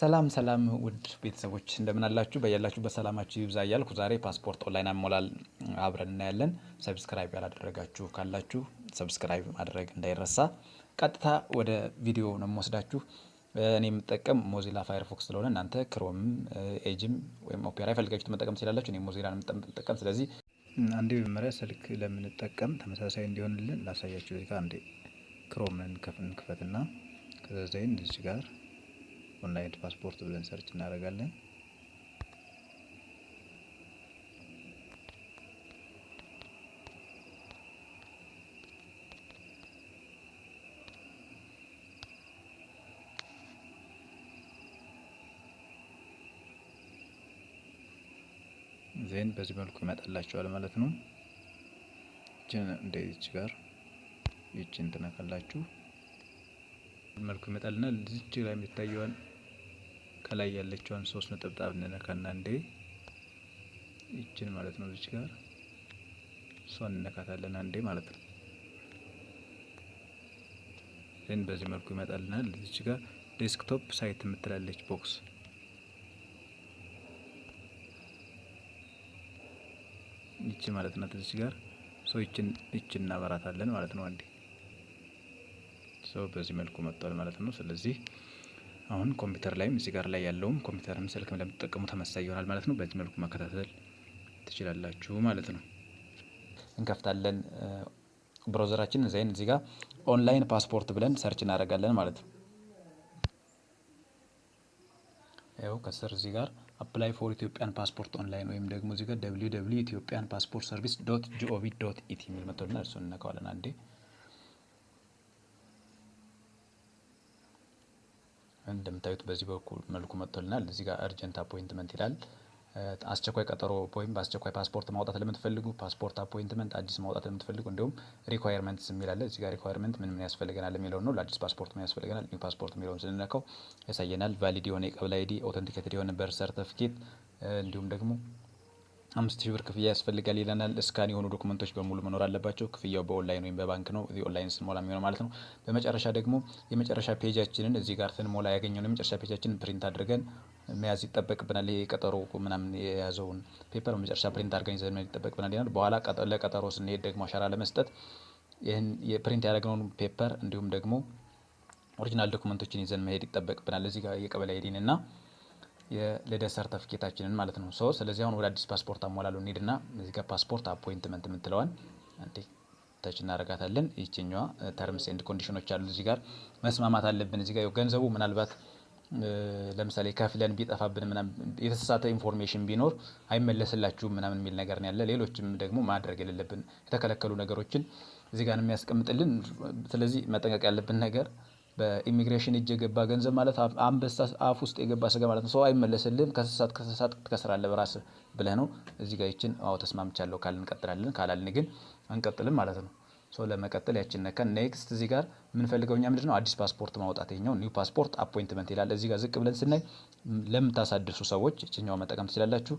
ሰላም ሰላም ውድ ቤተሰቦች እንደምን አላችሁ? በያላችሁ በሰላማችሁ ይብዛ እያልኩ ዛሬ ፓስፖርት ኦንላይን አሞላል አብረን እናያለን። ሰብስክራይብ ያላደረጋችሁ ካላችሁ ሰብስክራይብ ማድረግ እንዳይረሳ። ቀጥታ ወደ ቪዲዮ ነው የምወስዳችሁ። እኔ የምጠቀም ሞዚላ ፋይርፎክስ ስለሆነ እናንተ ክሮም፣ ኤጅም ወይም ኦፔራ ፈልጋችሁ መጠቀም ትችላላችሁ። እኔ ሞዚላ የምጠቀም ስለዚህ አንዴ መጀመሪያ ስልክ ለምንጠቀም ተመሳሳይ እንዲሆንልን ላሳያችሁ። ዚጋ አንዴ ክሮምን እንክፈትና ከዛ ጋር ኦንላይን ፓስፖርት ብለን ሰርች እናደርጋለን። ዜን በዚህ መልኩ ይመጣላችኋል ማለት ነው። እንደ እንደዚች ጋር ይችን ትነካላችሁ መልኩ ይመጣልና ዝች ላይ የሚታየዋል ከላይ ያለችዋን ሶስት ነጠብጣብ እንነካና አንዴ ይችን ማለት ነው እዚች ጋር እሷን እንነካታለን አንዴ ማለት ነው። ን በዚህ መልኩ ይመጣልናል። እዚች ጋር ዴስክቶፕ ሳይት የምትላለች ቦክስ ይቺ ማለት ናት። እዚች ጋር ሰው ይችን ይችን እናበራታለን ማለት ነው አንዴ ሰው በዚህ መልኩ መጥቷል ማለት ነው። ስለዚህ አሁን ኮምፒውተር ላይም እዚህ ጋር ላይ ያለውም ኮምፒውተርም ስልክም ለምትጠቀሙ ተመሳሳይ ይሆናል ማለት ነው። በዚህ መልኩ መከታተል ትችላላችሁ ማለት ነው። እንከፍታለን ብሮዘራችን ዛይን እዚህ ጋር ኦንላይን ፓስፖርት ብለን ሰርች እናደርጋለን ማለት ነው። ያው ከስር እዚህ ጋር አፕላይ ፎር ኢትዮጵያን ፓስፖርት ኦንላይን ወይም ደግሞ እዚህ ጋር ኢትዮጵያን ፓስፖርት ሰርቪስ ዶት ጂኦቪ ዶት ኢቲ የሚል መጥቶልና እርሱን እነካዋለን አንዴ እንደምታዩት በዚህ በኩል መልኩ መጥቶልናል። እዚህ ጋር እርጀንት አፖይንትመንት ይላል። አስቸኳይ ቀጠሮ ወይም በአስቸኳይ ፓስፖርት ማውጣት ለምትፈልጉ ፓስፖርት አፖይንትመንት፣ አዲስ ማውጣት ለምትፈልጉ እንዲሁም ሪኳየርመንት የሚል አለ። እዚህ ጋር ሪኳየርመንት ምን ምን ያስፈልገናል የሚለውን ነው። ለአዲስ ፓስፖርት ምን ያስፈልገናል፣ ኒው ፓስፖርት የሚለውን ስንነካው ያሳየናል። ቫሊድ የሆነ የቀበሌ አይዲ፣ ኦተንቲኬትድ የሆነ በር ሰርተፍኬት እንዲሁም ደግሞ አምስት ሺህ ብር ክፍያ ያስፈልጋል ይለናል። እስካን የሆኑ ዶክመንቶች በሙሉ መኖር አለባቸው። ክፍያው በኦንላይን ወይም በባንክ ነው። እዚህ ኦንላይን ስንሞላ የሚሆነው ማለት ነው። በመጨረሻ ደግሞ የመጨረሻ ፔጃችንን እዚህ ጋር ስንሞላ ነው። የመጨረሻ ፔጃችንን ፕሪንት አድርገን መያዝ ይጠበቅብናል። ይሄ ቀጠሮ ምናምን የያዘውን ፔፐር መጨረሻ ፕሪንት አድርገን ይዘን ይጠበቅብናል ይላል። በኋላ ለቀጠሮ ስንሄድ ደግሞ አሻራ ለመስጠት ይህን የፕሪንት ያደረግነውን ፔፐር እንዲሁም ደግሞ ኦሪጂናል ዶክመንቶችን ይዘን መሄድ ይጠበቅብናል። እዚህ ጋር የቀበሌ አይዲን እና የልደት ሰርተፍኬታችንን ማለት ነው። ሰው ስለዚህ አሁን ወደ አዲስ ፓስፖርት አሟላሉ እንሄድና እዚህ ጋር ፓስፖርት አፖይንትመንት የምትለዋን ተች እናረጋታለን። ይችኛዋ ተርምስ ኤንድ ኮንዲሽኖች አሉ እዚህ ጋር መስማማት አለብን። እዚህ ጋር ገንዘቡ ምናልባት ለምሳሌ ከፍለን ቢጠፋብን የተሳሳተ ኢንፎርሜሽን ቢኖር አይመለስላችሁም ምናምን የሚል ነገር ያለ፣ ሌሎችም ደግሞ ማድረግ የሌለብን የተከለከሉ ነገሮችን እዚህ ጋር የሚያስቀምጥልን። ስለዚህ መጠንቀቅ ያለብን ነገር በኢሚግሬሽን እጅ የገባ ገንዘብ ማለት አንበሳ አፍ ውስጥ የገባ ስጋ ማለት ነው። ሰው አይመለስልህም። ከስሳት ከስሳት ትከስራለህ በራስ ብለህ ነው። እዚህ ጋር ይችን አዎ ተስማምቻለሁ ካል እንቀጥላለን፣ ካላልን ግን አንቀጥልም ማለት ነው። ሰው ለመቀጠል ያችን ነከን። ኔክስት እዚህ ጋር የምንፈልገው እኛ አዲስ ፓስፖርት ማውጣት። ይኛው ኒው ፓስፖርት አፖይንትመንት ይላል። እዚህ ጋር ዝቅ ብለን ስናይ ለምታሳድሱ ሰዎች ይችኛዋን መጠቀም ትችላላችሁ።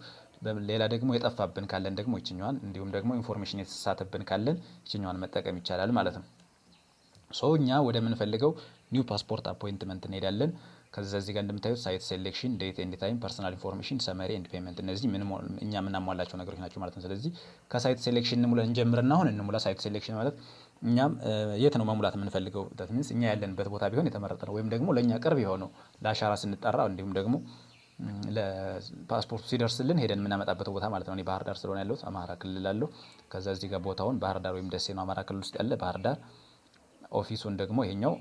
ሌላ ደግሞ የጠፋብን ካለን ደግሞ ይችኛዋን፣ እንዲሁም ደግሞ ኢንፎርሜሽን የተሳተብን ካለን ይችኛዋን መጠቀም ይቻላል ማለት ነው። ሰው እኛ ወደምንፈልገው ኒው ፓስፖርት አፖይንትመንት እንሄዳለን። ከዛ እዚህ ጋር እንደምታዩት ሳይት ሴሌክሽን፣ ዴት ኤንድ ታይም፣ ፐርሰናል ኢንፎርሜሽን፣ ሰመሪ ኤንድ ፔመንት እነዚህ እኛ የምናሟላቸው ነገሮች ናቸው ማለት ነው። ስለዚህ ከሳይት ሴሌክሽን እንሙላ እንጀምርና አሁን እንሙላ። ሳይት ሴሌክሽን ማለት እኛም የት ነው መሙላት የምንፈልገው ሚንስ እኛ ያለንበት ቦታ ቢሆን የተመረጠ ነው። ወይም ደግሞ ለእኛ ቅርብ የሆነው ለአሻራ ስንጠራ እንዲሁም ደግሞ ለፓስፖርቱ ሲደርስልን ሄደን የምናመጣበት ቦታ ማለት ነው። ባህር ዳር ስለሆነ ያለሁት አማራ ክልል አለሁ። ከዛ እዚህ ጋር ቦታውን ባህር ዳር ወይም ደሴ ነው አማራ ክልል ውስጥ ያለ ባህር ዳር ኦፊሱን ደግሞ ይሄኛው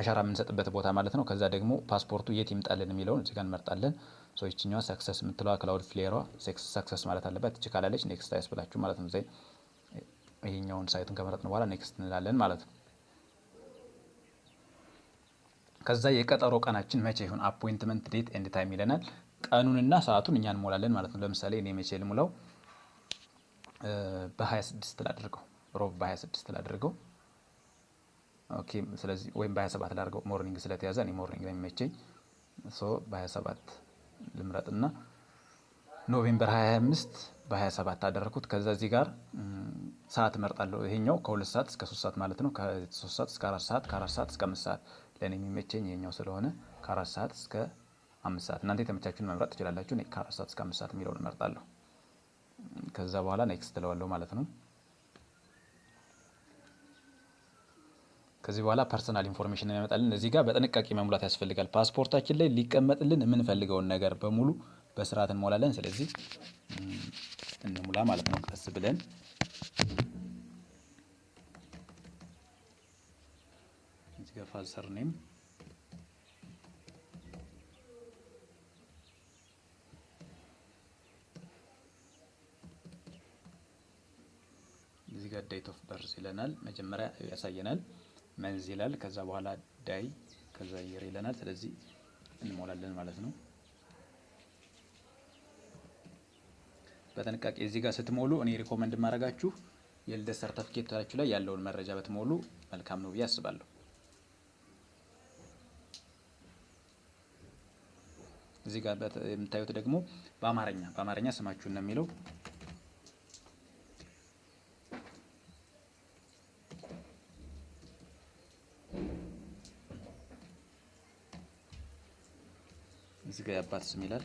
አሻራ የምንሰጥበት ቦታ ማለት ነው። ከዛ ደግሞ ፓስፖርቱ የት ይምጣልን የሚለውን እዚጋ እንመርጣለን። ይችኛዋ ሰክሰስ የምትለዋ ክላውድ ፍሌሯ ሰክሰስ ማለት አለበት። እች ካላለች ኔክስት አያስብላችሁ ማለት ነው። ይሄኛውን ሳይቱን ከመረጥን በኋላ ኔክስት እንላለን ማለት ነው። ከዛ የቀጠሮ ቀናችን መቼ ይሁን አፖይንትመንት ዴት ኤንድ ታይም ይለናል። ቀኑንና ሰዓቱን እኛ እንሞላለን ማለት ነው። ለምሳሌ እኔ መቼ ልሙላው? በ26 ላድርገው፣ ሮብ በ26 ላድርገው ኦኬ። ስለዚህ ወይም በ27 ላድርገው ሞርኒንግ ስለተያዘ እኔ ሞርኒንግ ላይ የሚመቸኝ። ሶ በ27 ልምረጥና ኖቬምበር 25 በ27 አደረኩት። ከዛ እዚህ ጋር ሰዓት እመርጣለሁ። ይሄኛው ከሁለት ሰዓት እስከ ሶስት ሰዓት ማለት ነው። ከሶስት ሰዓት እስከ አራት ሰዓት፣ ከአራት ሰዓት እስከ አምስት ሰዓት ለእኔ የሚመቸኝ ይሄኛው ስለሆነ ከአራት ሰዓት እስከ አምስት ሰዓት እናንተ የተመቻችሁን መምረጥ ትችላላችሁ። ከአራት ሰዓት እስከ አምስት ሰዓት የሚለውን እመርጣለሁ። ከዛ በኋላ ኔክስት እለዋለሁ ማለት ነው። ከዚህ በኋላ ፐርሰናል ኢንፎርሜሽን ያመጣልን። እዚህ ጋር በጥንቃቄ መሙላት ያስፈልጋል። ፓስፖርታችን ላይ ሊቀመጥልን የምንፈልገውን ነገር በሙሉ በስርዓት እንሞላለን። ስለዚህ እንሙላ ማለት ነው ቀስ ብለን ፋልሰር ኔም እዚህ ጋር ዴት ኦፍ በርዝ ይለናል። መጀመሪያ ያሳየናል። መንዝ ይላል። ከዛ በኋላ ዳይ ከዛ የር ይለናል። ስለዚህ እንሞላለን ማለት ነው። በጥንቃቄ እዚህ ጋር ስትሞሉ እኔ ሪኮመንድ ማድረጋችሁ የልደት ሰርተፍኬታችሁ ላይ ያለውን መረጃ ብትሞሉ መልካም ነው ብዬ አስባለሁ። እዚህ ጋር የምታዩት ደግሞ በአማርኛ በአማርኛ ስማችሁን ነው የሚለው በስጋ የአባት ስም ይላል።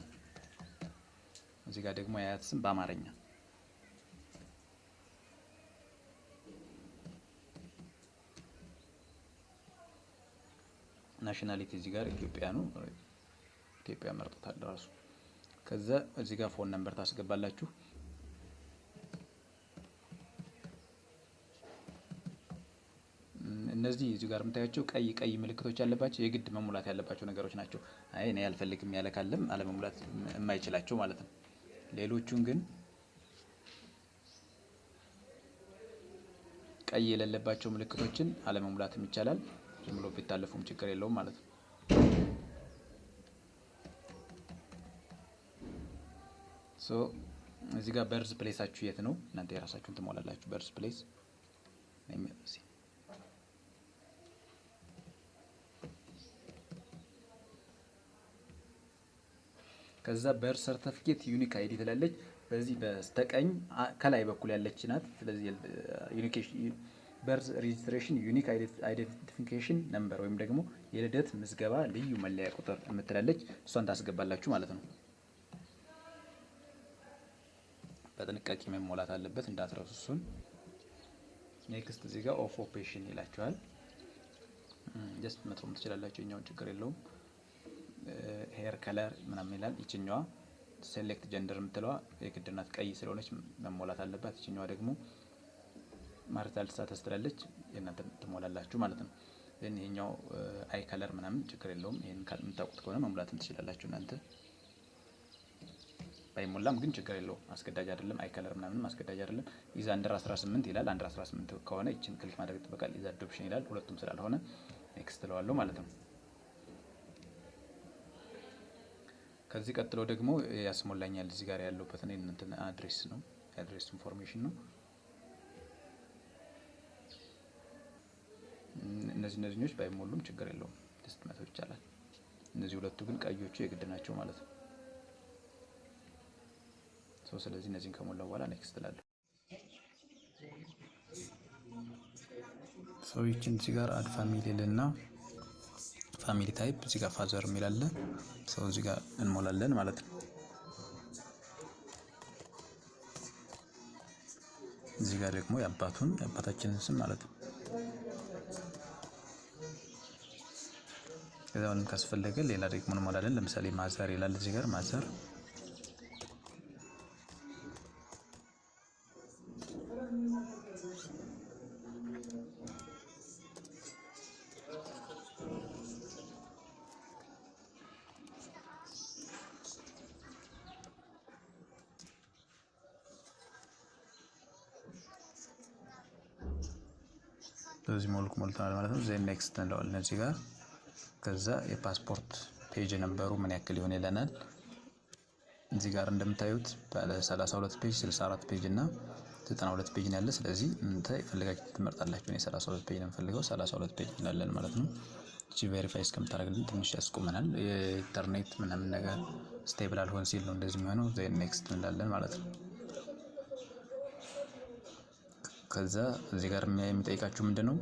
እዚህ ጋር ደግሞ የአያት ስም በአማርኛ ናሽናሊቲ እዚህ ጋር ነው። ኢትዮጵያ መርጦታል ራሱ። ከዛ እዚህ ጋር ፎን ነምበር ታስገባላችሁ። እዚሁ ጋር የምታያቸው ቀይ ቀይ ምልክቶች ያለባቸው የግድ መሙላት ያለባቸው ነገሮች ናቸው። አይ እኔ አልፈልግም ያለ ካለም አለመሙላት የማይችላቸው ማለት ነው። ሌሎቹን ግን ቀይ የሌለባቸው ምልክቶችን አለመሙላትም ይቻላል። ዝም ብሎ ቢታለፉም ችግር የለውም ማለት ነው። ሶ እዚህ ጋር በርዝ ፕሌሳችሁ የት ነው? እናንተ የራሳችሁን ትሞላላችሁ። በርዝ ፕሌስ ከዛ በር ሰርተፍኬት ዩኒክ አይዲ ትላለች። በዚህ በስተቀኝ ከላይ በኩል ያለች ናት። ስለዚህ በርዝ ሬጅስትሬሽን ዩኒክ አይደንቲፊኬሽን ነምበር ወይም ደግሞ የልደት ምዝገባ ልዩ መለያ ቁጥር የምትላለች እሷን ታስገባላችሁ ማለት ነው። በጥንቃቄ መሞላት አለበት እንዳትረሱ እሱን። ኔክስት እዚህ ጋር ኦፍ ኦፔሽን ይላቸዋል። ጀስት መጥሮም ትችላላቸው እኛውን ችግር የለውም። ሄር ከለር ምናምን ይላል። ይችኛዋ ሴሌክት ጀንደር የምትለዋ የግድ ቀይ ስለሆነች መሞላት አለባት። ይችኛዋ ደግሞ ማርታል ስታተስ ትላለች። የእናንተ ትሞላላችሁ ማለት ነው። ግን ይሄኛው አይ ከለር ምናምን ችግር የለውም። ይሄን የምታውቁት ከሆነ መሙላትም ትችላላችሁ እናንተ ባይሞላም ግን ችግር የለው አስገዳጅ አይደለም። አይ ከለር ምናምንም አስገዳጅ አይደለም። ኢዛ አንደር 18 ይላል። አንደር 18 ከሆነ ይችን ክሊክ ማድረግ ይጠበቃል። ኢዛ አዶፕሽን ይላል። ሁለቱም ስላልሆነ ኔክስት ትለዋለሁ ማለት ነው። ከዚህ ቀጥሎ ደግሞ ያስሞላኛል እዚህ ጋር ያለበት እንትን አድሬስ ነው አድሬስ ኢንፎርሜሽን ነው። እነዚህ እነዚህኞች ባይሞሉም ችግር የለውም ሊስት መተው ይቻላል። እነዚህ ሁለቱ ግን ቀዮቹ የግድ ናቸው ማለት ነው። ስለዚህ እነዚህን ከሞላ በኋላ ኔክስት እላለሁ። ሰው ይችን ሲጋር ጋር አድ ፋሚሊ ልና ፋሚሊ ታይፕ እዚጋ ፋዘር የሚላለ ሰው እዚጋ እንሞላለን ማለት ነው። እዚህ ጋር ደግሞ የአባቱን የአባታችንን ስም ማለት ነው። ከዛ ካስፈለገ ሌላ ደግሞ እንሞላለን። ለምሳሌ ማዘር ይላል እዚህ ጋር ማዘር ሞልተናል ማለት ነው። ዜን ኔክስት እንለዋለን እዚህ ጋር። ከዛ የፓስፖርት ፔጅ ነበሩ ምን ያክል ይሆን ይለናል። እዚህ ጋር እንደምታዩት ባለ 32 ፔጅ፣ 64 ፔጅ እና 92 ፔጅ ነው ያለ። ስለዚህ እንተ የፈለጋችሁ ትመርጣላችሁ። እኔ 32 ፔጅ ነው የምፈልገው፣ 32 ፔጅ እንላለን ማለት ነው። እቺ ቬሪፋይ እስከምታደርግልን ትንሽ ያስቆመናል። የኢንተርኔት ምናምን ነገር ስቴብል አልሆን ሲል ነው እንደዚህ የሚሆነው። ዜን ኔክስት እንላለን ማለት ነው። ከዛ እዚህ ጋር የሚጠይቃችሁ ምንድን ነው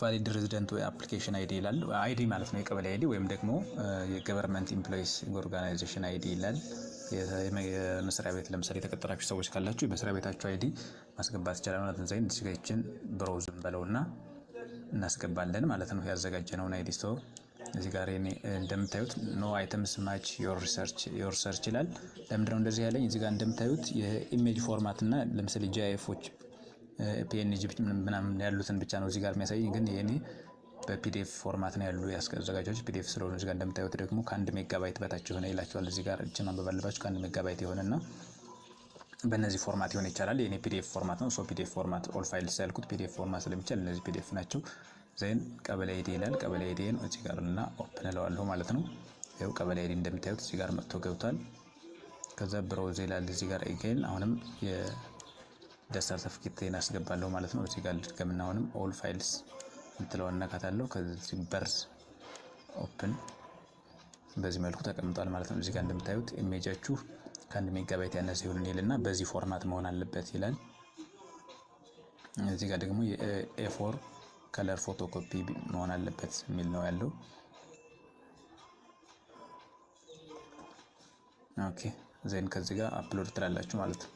ቫሊድ ሬዚደንት ወይ አፕሊኬሽን አይዲ ይላል። አይዲ ማለት ነው የቀበሌ አይዲ ወይም ደግሞ የገቨርንመንት ኢምፕሎይስ ኦርጋናይዜሽን አይዲ ይላል። የመስሪያ ቤት ለምሳሌ የተቀጠራችሁ ሰዎች ካላችሁ የመስሪያ ቤታችሁ አይዲ ማስገባት ይቻላል ማለት ነው። ዛይን ዲስጋይችን ብሮዝን በለውና እናስገባለን ማለት ነው። ያዘጋጀነውን አይዲ ስቶ እዚህ ጋር እንደምታዩት ኖ አይተምስ ማች ዮር ሰርች ይላል። ለምንድነው እንደዚህ ያለኝ? እዚህ ጋር እንደምታዩት የኢሜጅ ፎርማት እና ለምሳሌ ጂአይኤፎች ፒኤንጂ ምናምን ያሉትን ብቻ ነው እዚህ ጋር የሚያሳይ። ግን የኔ በፒዲኤፍ ፎርማት ነው ያሉ ያስዘጋጆች ፒዲኤፍ ስለሆኑ እዚህ ጋር እንደምታዩት ደግሞ ከአንድ ሜጋባይት በታች የሆነ ይላቸዋል። እዚህ ጋር እጅ ማንበብ አለባችሁ። ከአንድ ሜጋባይት የሆነና በእነዚህ ፎርማት ይሆን ይቻላል። የኔ ፒዲኤፍ ፎርማት ነው። ሶ ፒዲኤፍ ፎርማት ኦል ፋይል ሳያልኩት ፒዲኤፍ ፎርማት ስለሚቻል እነዚህ ፒዲኤፍ ናቸው። ዘይን ቀበሌ አይዲ ይላል። ቀበሌ አይዲን እዚህ ጋር እና ኦፕን እለዋለሁ ማለት ነው። ይኸው ቀበሌ አይዲ እንደምታዩት እዚህ ጋር መጥቶ ገብቷል። ከዛ ብሮዝ ይላል እዚህ ጋር ይገኝ አሁንም ዳስታር ሰርተፍኬትን አስገባለሁ ማለት ነው። እዚህ ጋር ልድገምና አሁንም ኦል ፋይልስ የምትለውን እነካታለሁ። ከዚህ በርዝ ኦፕን በዚህ መልኩ ተቀምጧል ማለት ነው። እዚህ ጋር እንደምታዩት ኢሜጃችሁ ከአንድ ሜጋባይት ያነሰ ይሁን ይልና በዚህ ፎርማት መሆን አለበት ይላል። እዚህ ጋር ደግሞ የኤፎር ከለር ፎቶኮፒ መሆን አለበት የሚል ነው ያለው። ኦኬ ዜን ከዚህ ጋር አፕሎድ ትላላችሁ ማለት ነው።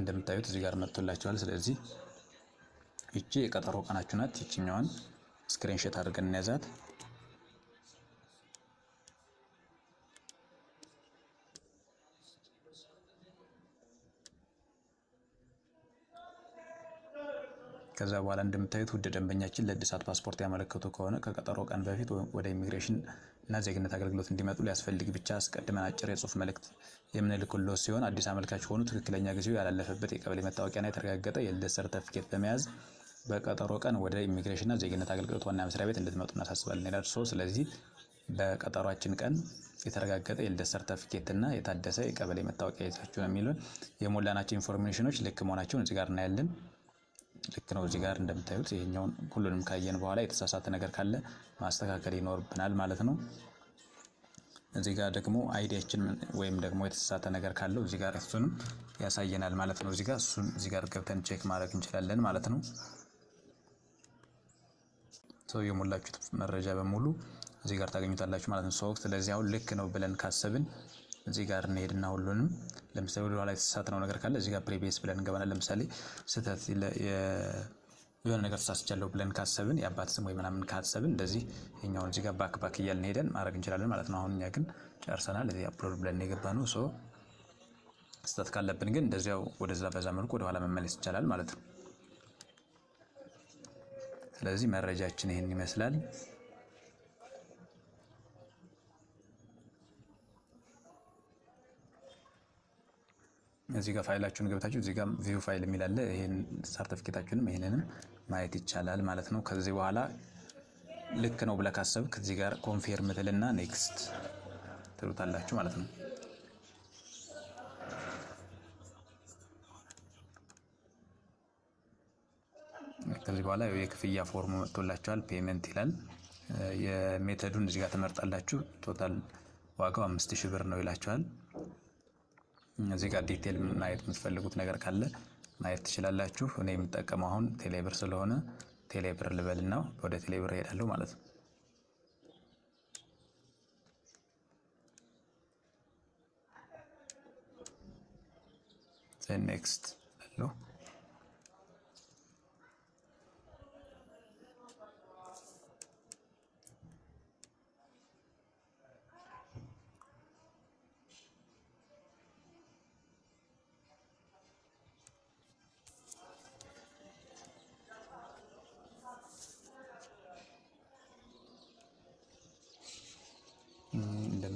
እንደምታዩት እዚህ ጋር መጥቶላችኋል። ስለዚህ ይቺ የቀጠሮ ቀናችሁ ናት። ይችኛዋን ስክሪንሾት አድርገን እንያዛት። ከዛ በኋላ እንደምታዩት ውድ ደንበኛችን ለእድሳት ፓስፖርት ያመለከቱ ከሆነ ከቀጠሮ ቀን በፊት ወደ ኢሚግሬሽን እና ዜግነት አገልግሎት እንዲመጡ ሊያስፈልግ ብቻ አስቀድመን አጭር የጽሁፍ መልእክት የምንልክሎት ሲሆን አዲስ አመልካች ሆኑ ትክክለኛ ጊዜው ያላለፈበት የቀበሌ መታወቂያና የተረጋገጠ የልደት ሰርተፍኬት በመያዝ በቀጠሮ ቀን ወደ ኢሚግሬሽንና ዜግነት አገልግሎት ዋና መስሪያ ቤት እንድትመጡ እናሳስባለን ይላል። ሶ ስለዚህ በቀጠሯችን ቀን የተረጋገጠ የልደት ሰርተፍኬትና የታደሰ የቀበሌ መታወቂያ ይዛችሁ ነው የሞላናቸው ኢንፎርሜሽኖች ልክ መሆናቸውን እዚህ ጋር እናያለን። ልክ ነው። እዚህ ጋር እንደምታዩት ይሄኛውን ሁሉንም ካየን በኋላ የተሳሳተ ነገር ካለ ማስተካከል ይኖርብናል ማለት ነው። እዚህ ጋር ደግሞ አይዲያችን ወይም ደግሞ የተሳሳተ ነገር ካለው እዚህ ጋር እሱንም ያሳየናል ማለት ነው። እዚህ ጋር እሱን እዚህ ጋር ገብተን ቼክ ማድረግ እንችላለን ማለት ነው። ሰው የሞላችሁት መረጃ በሙሉ እዚህ ጋር ታገኙታላችሁ ማለት ነው። ሰው ስለዚህ አሁን ልክ ነው ብለን ካሰብን እዚህ ጋር እንሄድና ሁሉንም ለምሳሌ ወደኋላ የተሳሳትነው ነገር ካለ እዚህ ጋር ፕሪቪየስ ብለን እንገባለን። ለምሳሌ ስህተት የሆነ ነገር ተሳስቻለሁ ብለን ካሰብን የአባት ስም ወይ ምናምን ካሰብን እንደዚህ የኛውን እዚህ ጋር ባክ ባክ እያልን ሄደን ማድረግ እንችላለን ማለት ነው። አሁን እኛ ግን ጨርሰናል። እዚህ አፕሎድ ብለን የገባ ነው። ሶ ስህተት ካለብን ግን እንደዚያው ወደዛ በዛ መልኩ ወደኋላ መመለስ ይቻላል ማለት ነው። ስለዚህ መረጃችን ይህን ይመስላል። እዚህ ጋር ፋይላችሁን ገብታችሁ እዚህ ጋር ቪው ፋይል የሚል አለ። ይሄን ሰርተፊኬታችሁንም ይሄንንም ማየት ይቻላል ማለት ነው። ከዚህ በኋላ ልክ ነው ብለህ ካሰብክ እዚህ ጋር ኮንፊርም ትልና ኔክስት ትሉታላችሁ ማለት ነው። ከዚህ በኋላ የክፍያ ፎርሙ መጥቶላችኋል። ፔመንት ይላል። የሜተዱን እዚህ ጋር ትመርጣላችሁ። ቶታል ዋጋው አምስት ሺህ ብር ነው ይላችኋል። እዚህ ጋር ዲቴል ማየት የምትፈልጉት ነገር ካለ ማየት ትችላላችሁ። እኔ የምጠቀመው አሁን ቴሌብር ስለሆነ ቴሌብር ልበልና ወደ ቴሌብር እሄዳለሁ ማለት ነው። ኔክስት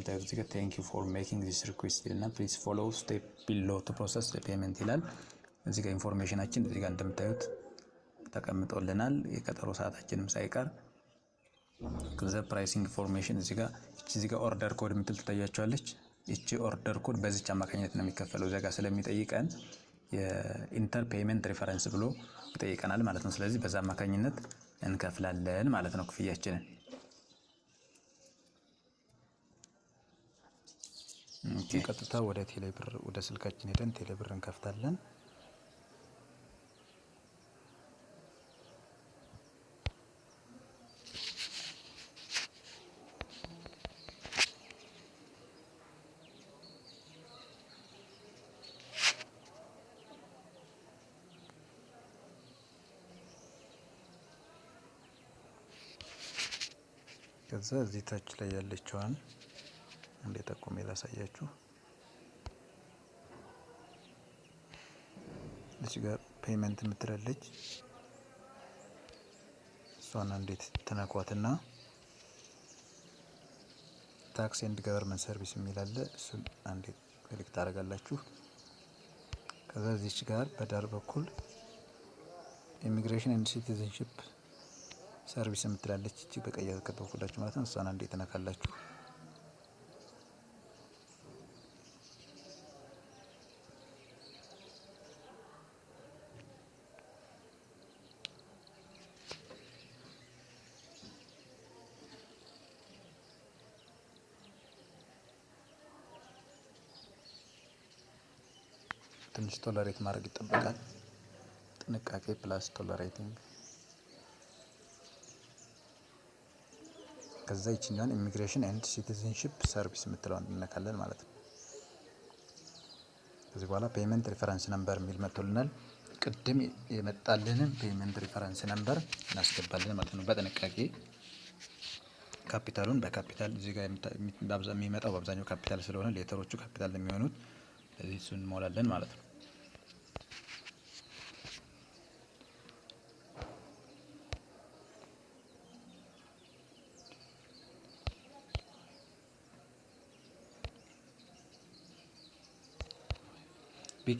እንደምታዩት እዚህ ጋር ቴንክ ዩ ፎር ሜኪንግ ዚስ ሪኩዌስት ይልና ፕሊዝ ፎሎው ስቴፕ ቢሎ ቱ ፕሮሰስ ፔመንት ይላል። እዚህ ጋር ኢንፎርሜሽናችን እዚህ ጋር እንደምታዩት ተቀምጦልናል። የቀጠሮ ሰዓታችንም ሳይቀር ከዛ ፕራይሲንግ ኢንፎርሜሽን እዚህ ጋር እቺ እዚህ ጋር ኦርደር ኮድ የምትል ትታያቸዋለች። እቺ ኦርደር ኮድ በዚች አማካኝነት ነው የሚከፈለው እዚያ ጋር ስለሚጠይቀን የኢንተር ፔመንት ሪፈረንስ ብሎ ይጠይቀናል ማለት ነው። ስለዚህ በዛ አማካኝነት እንከፍላለን ማለት ነው ክፍያችንን ቀጥታ ወደ ቴሌብር ወደ ስልካችን ሄደን ቴሌብር እንከፍታለን። ከዛ እዚህ ታች ላይ ያለችዋን እንዴት ጠቁሜ ላሳያችሁ። እዚህ ጋር ፔይመንት የምትላለች እሷና እንዴት ትነኳትና ታክስ ኤንድ ገቨርንመንት ሰርቪስ የሚላለ እሱን እንዴት ክሊክ ታደርጋላችሁ። ከዛ እዚች ጋር በዳር በኩል ኢሚግሬሽን ኤንድ ሲቲዘንሽፕ ሰርቪስ የምትላለች እቺ በቀይ ያከተኩላችሁ ማለት ነው። እሷን እንዴት ትነካላችሁ። ትንሽ ቶለሬት ማድረግ ይጠበቃል። ጥንቃቄ ፕላስ ቶለሬቲንግ። ከዛ ይችኛውን ኢሚግሬሽን ኤንድ ሲቲዝንሽፕ ሰርቪስ የምትለው እንነካለን ማለት ነው። ከዚህ በኋላ ፔመንት ሪፈረንስ ነምበር የሚል መጥቶልናል። ቅድም የመጣልንን ፔመንት ሪፈረንስ ነምበር እናስገባለን ማለት ነው። በጥንቃቄ ካፒታሉን በካፒታል እዚህ ጋር የሚመጣው በአብዛኛው ካፒታል ስለሆነ ሌተሮቹ ካፒታል የሚሆኑት እዚህ እሱን እንሞላለን ማለት ነው።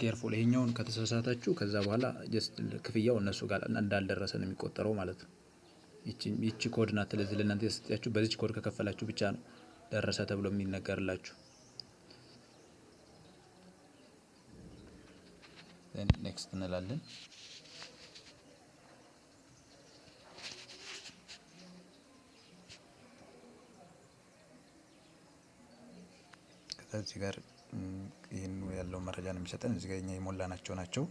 ኬርፉል ይሄኛውን ከተሳሳታችሁ ከዛ በኋላ ጀስት ክፍያው እነሱ ጋር እንዳልደረሰ ነው የሚቆጠረው ማለት ነው። ይቺ ኮድ ናት። ለዚህ ለእናንተ የሰጥያችሁ። በዚች ኮድ ከከፈላችሁ ብቻ ነው ደረሰ ተብሎ የሚነገርላችሁ። ኔክስት እንላለን። ከዚህ ጋር ይህን ያለው መረጃ ነው የሚሰጠን። እዚህ ጋር እኛ የሞላ ናቸው ናቸው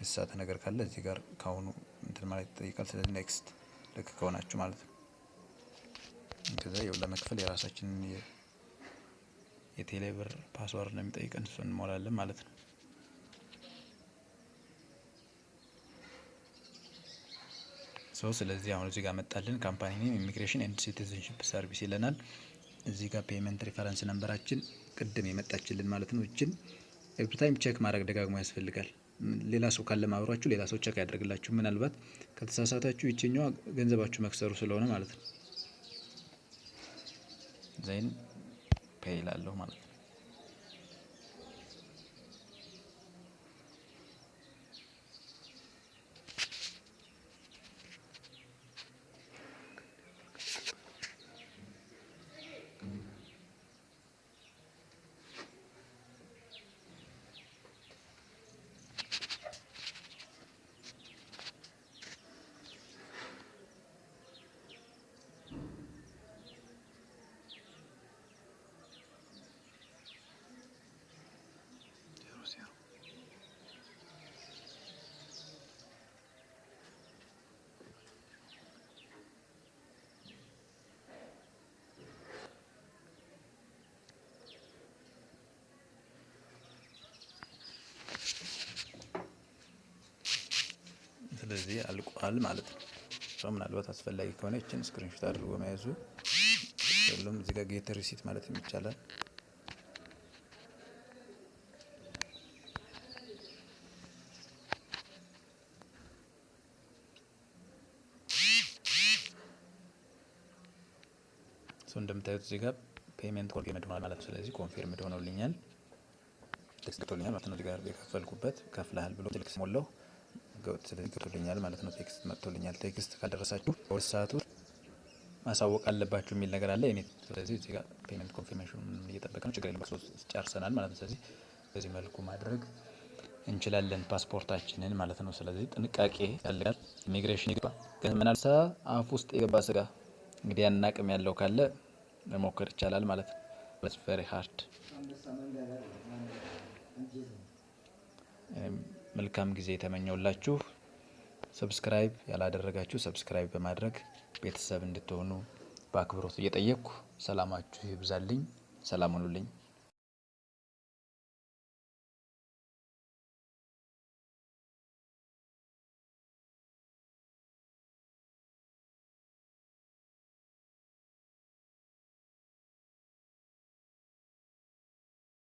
የተሳተ ነገር ካለ እዚህ ጋር ከአሁኑ እንትን ማለት ይጠይቃል። ስለዚህ ኔክስት ልክ ከሆናችሁ ማለት ነው። ከዛ ያው ለመክፈል የራሳችንን የቴሌብር ፓስዋርድ ነው የሚጠይቀን፣ እሱ እንሞላለን ማለት ነው። ሶ ስለዚህ አሁን እዚህ ጋር መጣልን። ካምፓኒ ኔም ኢሚግሬሽን ኤንድ ሲቲዝንሽፕ ሰርቪስ ይለናል። እዚህ ጋር ፔመንት ሪፈረንስ ነንበራችን ቅድም የመጣችልን ማለት ነው። እችን ኤቭሪታይም ቼክ ማድረግ ደጋግሞ ያስፈልጋል። ሌላ ሰው ካለ ማብሯችሁ ሌላ ሰው ቼክ ያደርግላችሁ። ምናልባት ከተሳሳታችሁ ይችኛዋ ገንዘባችሁ መክሰሩ ስለሆነ ማለት ነው። ዘይን ፔይ ላለሁ ማለት ነው። ስለዚህ አልቋል ማለት ነው። ሰው ምናልባት አስፈላጊ ከሆነ ይችን ስክሪንሾት አድርጎ መያዙ ሁሉም እዚህ ጋር ጌት ሪሲት ማለት ይቻላል። ሰው እንደምታዩት እዚህ ጋር ፔመንት ኮንፊርምድ ሆኗል ማለት ነው። ስለዚህ ኮንፊርምድ ሆኖልኛል ተስክቶልኛል ማለት ነው። እዚህ ጋር የከፈልኩበት ከፍልሃል ብሎ ስልክ ሞላው ህገወጥ ገብቶልኛል ማለት ነው። ቴክስት መጥቶልኛል። ቴክስት ካደረሳችሁ በሁለት ሰዓት ውስጥ ማሳወቅ አለባችሁ የሚል ነገር አለ። እኔ ስለዚህ እዚህ ጋር ፔመንት ኮንፊርሜሽን እየጠበቀ ነው። ችግር የለም ጨርሰናል ማለት ነው። ስለዚህ በዚህ መልኩ ማድረግ እንችላለን ፓስፖርታችንን ማለት ነው። ስለዚህ ጥንቃቄ ያልጋል ኢሚግሬሽን ይግባ ምናልሳ አፍ ውስጥ የገባ ስጋ እንግዲህ ያን አቅም ያለው ካለ መሞከር ይቻላል ማለት ነው። ቨሪ ሃርድ መልካም ጊዜ የተመኘውላችሁ። ሰብስክራይብ ያላደረጋችሁ ሰብስክራይብ በማድረግ ቤተሰብ እንድትሆኑ በአክብሮት እየጠየቅኩ ሰላማችሁ ይብዛልኝ። ሰላም ሁኑልኝ።